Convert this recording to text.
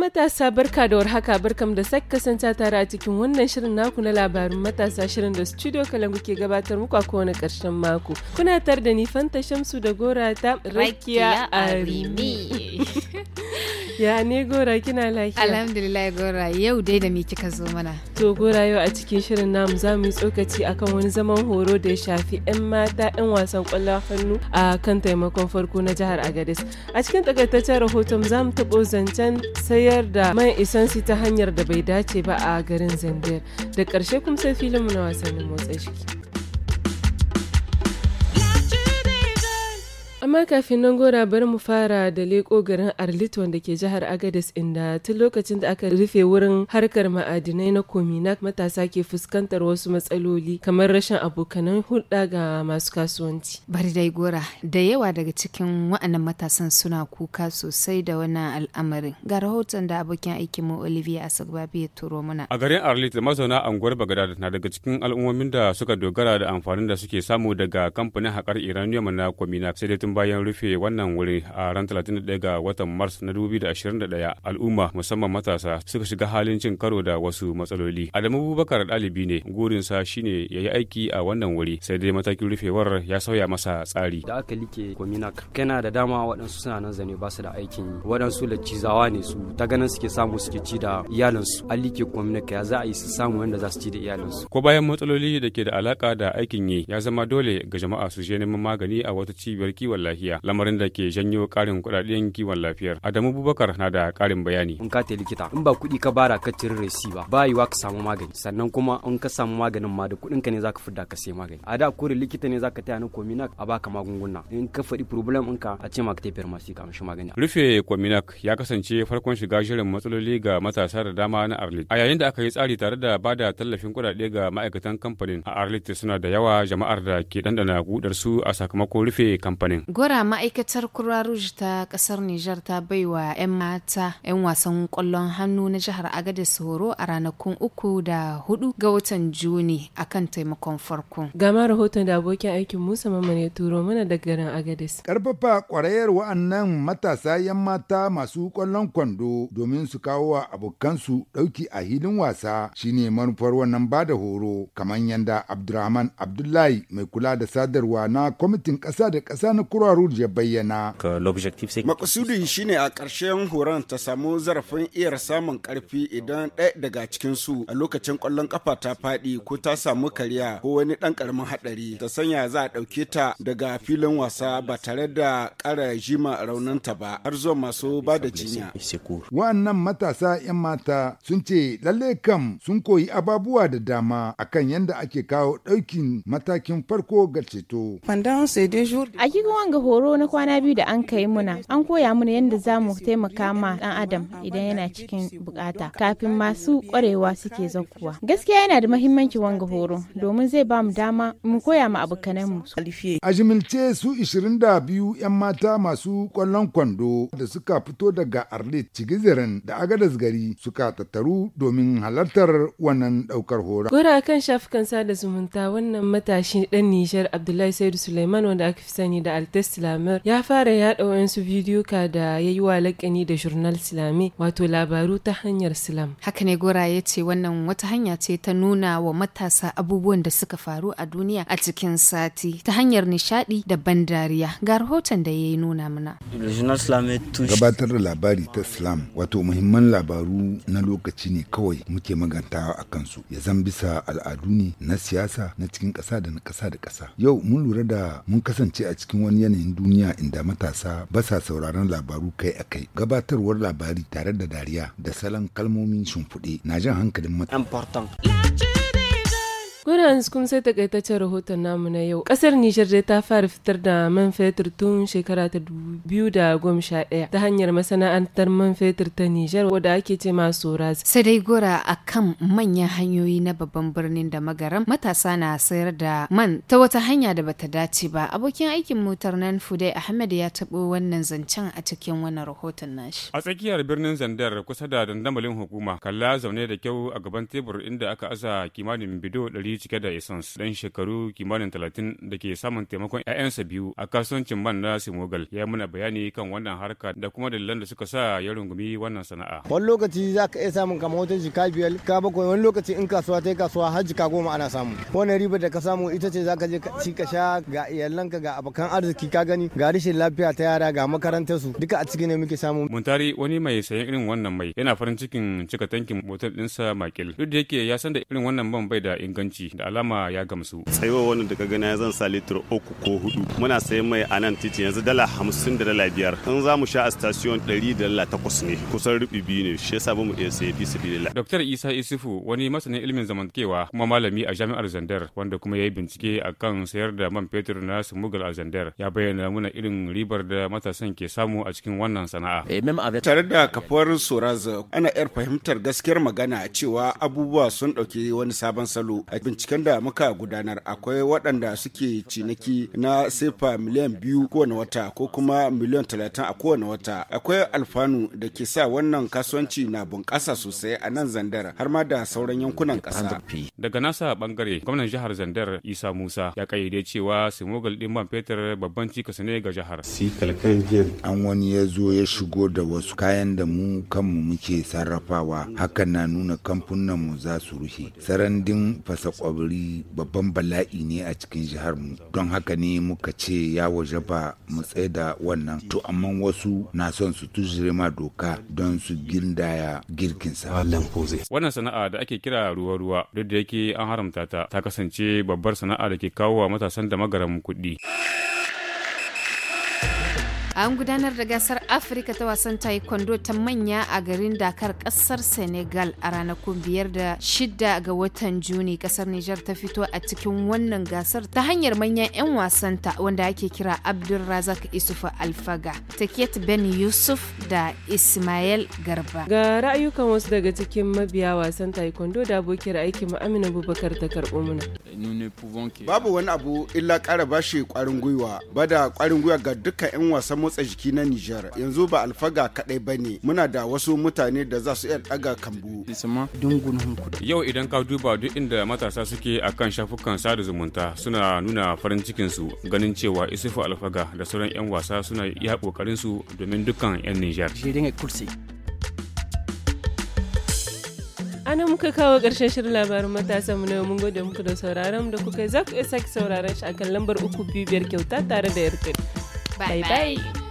matasa barka da warhaka barkam da sake kasance tare a cikin wannan shirin naku na labarin matasa shirin da studio kalangu ke gabatar muku a kowane karshen mako kuna tar da ni fanta shamsu da gora ta rakiya arimi ya ne gora kina lafiya alhamdulillah gora yau dai da me kika zo mana to gora yau a cikin shirin namu za mu yi tsokaci akan wani zaman horo da ya shafi 'yan mata 'yan wasan kwallon hannu a kan taimakon farko na jihar agadez a cikin takaitaccen rahoton za mu taɓo zancen sayar da man isansi ta hanyar da bai dace ba a garin zandiyar da ƙarshe kuma sai filin na wasannin motsa jiki Amma kafin nan gora bari mu fara da leko garin Arlit da ke jihar agadis inda tun lokacin da aka rufe wurin harkar ma'adinai na Kominak matasa ke fuskantar wasu matsaloli kamar rashin abokanan hulɗa ga masu kasuwanci. Bari dai gora da yawa daga cikin wa'annan matasan suna kuka sosai da wannan al'amarin. Ga rahoton da abokin aikin mu Olivia Asogbabi ya turo mana. A garin Arlit mazauna anguwar bagada na daga cikin al'ummomin da suka dogara da amfanin da suke samu daga kamfanin haƙar Iranium na Kominak sai dai tun bayan rufe wannan wuri a ran 31 ga watan Mars na 2021 al'umma musamman matasa suka shiga halin cin karo da wasu matsaloli. Adamu Abubakar dalibi ne gurin sa shine ya yi aiki a wannan wuri sai dai matakin rufewar ya sauya masa tsari. Da aka like Kominak kana da dama waɗansu suna nan zane ba su da aikin yi waɗansu da cizawa ne su ta ganin suke samu suke ci da iyalinsu an like Kominak ya za a yi su samu wanda za su ci da iyalinsu. Ko bayan matsaloli da ke da alaka da aikin yi ya zama dole ga jama'a su je neman magani a wata cibiyar kiwon lafiya. lafiya lamarin da ke janyo karin kudaden kiwon lafiyar. Adamu Bubakar na da karin bayani. In ka ta likita in ba kuɗi ka bara ka cire resi ba ba yiwa ka samu magani sannan kuma in ka samu maganin ma da kuɗin ka ne zaka fidda ka sai magani. A da kore likita ne zaka taya ni kominak a baka magunguna in ka faɗi problem ɗinka a ce ma ka tafi farmasi ka amshi magani. Rufe kominak ya kasance farkon shiga shirin matsaloli ga matasa da dama na Arlit. A yayin da aka yi tsari tare da ba da tallafin kuɗaɗe ga ma'aikatan kamfanin a Arlit suna da yawa jama'ar da ke ɗanɗana gudar su a sakamakon rufe kamfanin. gwara ma'aikatar Kura ta kasar Nijar ta baiwa 'yan mata 'yan wasan kwallon hannu na jihar Agadez horo a ranakun uku da hudu ga watan Juni a kan taimakon farko. Gama rahoton da abokin aikin Musa Mamman ya turo mana da garin Agadez. Karfafa kwarayar wa'annan matasa 'yan mata masu kwallon kwando domin su kawo wa abokansu ɗauki a hilin wasa shine manufar wannan bada horo kamar yanda Abdulrahman Abdullahi mai kula da sadarwa na kwamitin ƙasa da ƙasa na Kura Farud ya bayyana. Makusudi shine a ƙarshen horon ta samu zarafin iyar samun ƙarfi idan ɗaya daga cikin su a lokacin ƙwallon ƙafa ta faɗi ko ta samu karya ko wani ɗan ƙaramin haɗari ta sanya za a ɗauke ta daga filin wasa ba tare da ƙara jima ta ba har zuwa masu ba da jinya. Wa'annan matasa 'yan mata sun ce lalle kam sun koyi ababuwa da dama akan yadda ake kawo ɗaukin matakin farko ga ceto. A ga horo na kwana biyu da an kai muna an koya mana yadda za mu taimaka ma dan adam idan yana cikin bukata kafin masu kwarewa suke zakuwa gaskiya yana da mahimmanci wanga horo domin zai ba mu dama mu koya ma abokanan mu a jimilce su 22 'yan mata masu kwallon kwando da suka fito daga arlit cigizirin da agadas gari suka tattaru domin halartar wannan daukar horo gora kan shafukan sada zumunta wannan matashi dan nijar abdullahi saidu suleiman wanda aka fi sani da altes Silamar ya fara yaɗa wayansu bidiyo ka da ya yi wa lakani da Journal Silame wato labaru ta hanyar Silam. Haka ne Gora ya ce wannan wata hanya ce ta nuna wa matasa abubuwan da suka faru a duniya a cikin sati ta hanyar nishaɗi da ban dariya ga rahoton da ya yi nuna mana. Gabatar da labari ta Silam wato muhimman labaru na lokaci ne kawai muke magantawa a kansu ya zan bisa al'adu ne na siyasa na cikin ƙasa da na ƙasa da ƙasa. Yau mun lura da mun kasance a cikin wani yanayin duniya inda matasa ba sa sauraron labaru kai a kai gabatarwar labari tare da dariya da salon kalmomin shimfiɗe na jan hankalin matasa. Kuna yanzu kuma sai takaitaccen rahoton namu na yau. Kasar Nijar dai ta fara fitar da man fetur tun shekara ta biyu da goma ɗaya ta hanyar masana'antar man fetur ta Nijar wadda ake ce ma sora Sai dai gora a kan manyan hanyoyi na babban birnin da magaram matasa na sayar da man ta wata hanya da bata dace ba. Abokin aikin motar nan Fudai Ahmed ya taɓo wannan zancen a cikin wannan rahoton nashi. A tsakiyar birnin Zandar kusa da dandamalin hukuma kalla zaune da kyau a gaban tebur inda aka aza kimanin bido ɗari gari cike da essence dan shekaru kimanin talatin da ke samun taimakon 'ya'yansa biyu a kasuwancin man na simogal ya muna bayani kan wannan harka da kuma dalilan da suka sa ya rungumi wannan sana'a wani lokaci za ka iya samun kamar wata jika biyar ka bakwai wani lokaci in kasuwa ta yi kasuwa har jika goma ana samu wani riba da ka samu ita ce za ka je ci ka sha ga iyalanka ga abokan arziki ka gani ga rashin lafiya ta yara ga makarantar su duka a ciki ne muke samu muntari wani mai sayan irin wannan mai yana farin cikin cika tankin motar ɗinsa makil duk da yake ya san da irin wannan man bai da inganci da alama ya gamsu tsayuwa wani daga gani zan sa litir uku ko hudu muna sayan mai a nan titi yanzu dala hamsin da dala biyar in za mu sha a station ɗari da dala takwas ne kusan rubi biyu ne shi yasa ba mu iya saye fi sabili Dr. Isa Isufu wani masanin ilimin zamantakewa kuma malami a jami'ar Zandar wanda kuma ya yi bincike a kan sayar da man fetur na sumugal a Zandar ya bayyana muna irin ribar da matasan ke samu a cikin wannan sana'a. Eh, Tare da kafuwar Soraz ana yar fahimtar gaskiyar magana cewa abubuwa sun ɗauki wani sabon salo a binciken da muka gudanar akwai waɗanda suke ciniki na sefa miliyan biyu kowane wata ko kuma miliyan talatin a kowane wata akwai alfanu da ke sa wannan kasuwanci na bunƙasa sosai a nan zandar har ma da sauran yankunan ƙasa. daga nasa bangare gwamnan jihar zandar isa musa ya kayyade cewa simogal ɗin man fetur babban cikas ne ga jihar. an wani ya zo ya shigo da wasu kayan da mu kanmu muke sarrafawa hakan na nuna kamfunan mu za su rufe sarandin fasa kwabri babban bala'i ne a cikin jihar mu don haka ne muka ce ya waje ba mu tsaye da wannan to amma wasu na son su tuzure ma doka don su gindaya girkin sa. wannan sana'a da ake kira ruwa ruwa duk da yake an haramta ta ta kasance babbar sana'a da ke kawo wa matasan da magaran kuɗi An gudanar da gasar Afirka ta wasan taekwondo ta manya a garin Dakar kasar Senegal a ranakun biyar da shida ga watan Juni kasar Nijar ta fito a cikin wannan gasar ta hanyar manyan 'yan wasanta wanda ake kira Abdulrazak Isufa Alfaga, Taket Ben Yusuf da Ismail Garba. Ga ra'ayukan wasu daga cikin mabiya wasan taekwondo da abokin aikin Amina Abubakar ta karɓo mana. Babu wani abu illa ƙara bashi ƙwarin gwiwa, bada ƙwarin gwiwa ga dukkan 'yan wasan motsa jiki na Nijar yanzu ba alfaga kadai ba ne muna da wasu mutane da za su iya daga kambu. Yau idan ka duba duk inda matasa suke a kan shafukan sada zumunta suna nuna farin cikin su ganin cewa Isufu Alfaga da sauran 'yan wasa suna iya kokarin su domin dukkan 'yan Nijar. ana muka kawo ƙarshen shirin labarin matasa mu na yau mun gode muku da sauraron da kuka za ku iya sake sauraron shi a kan lambar uku biyu biyar kyauta tare da yarda. 拜拜。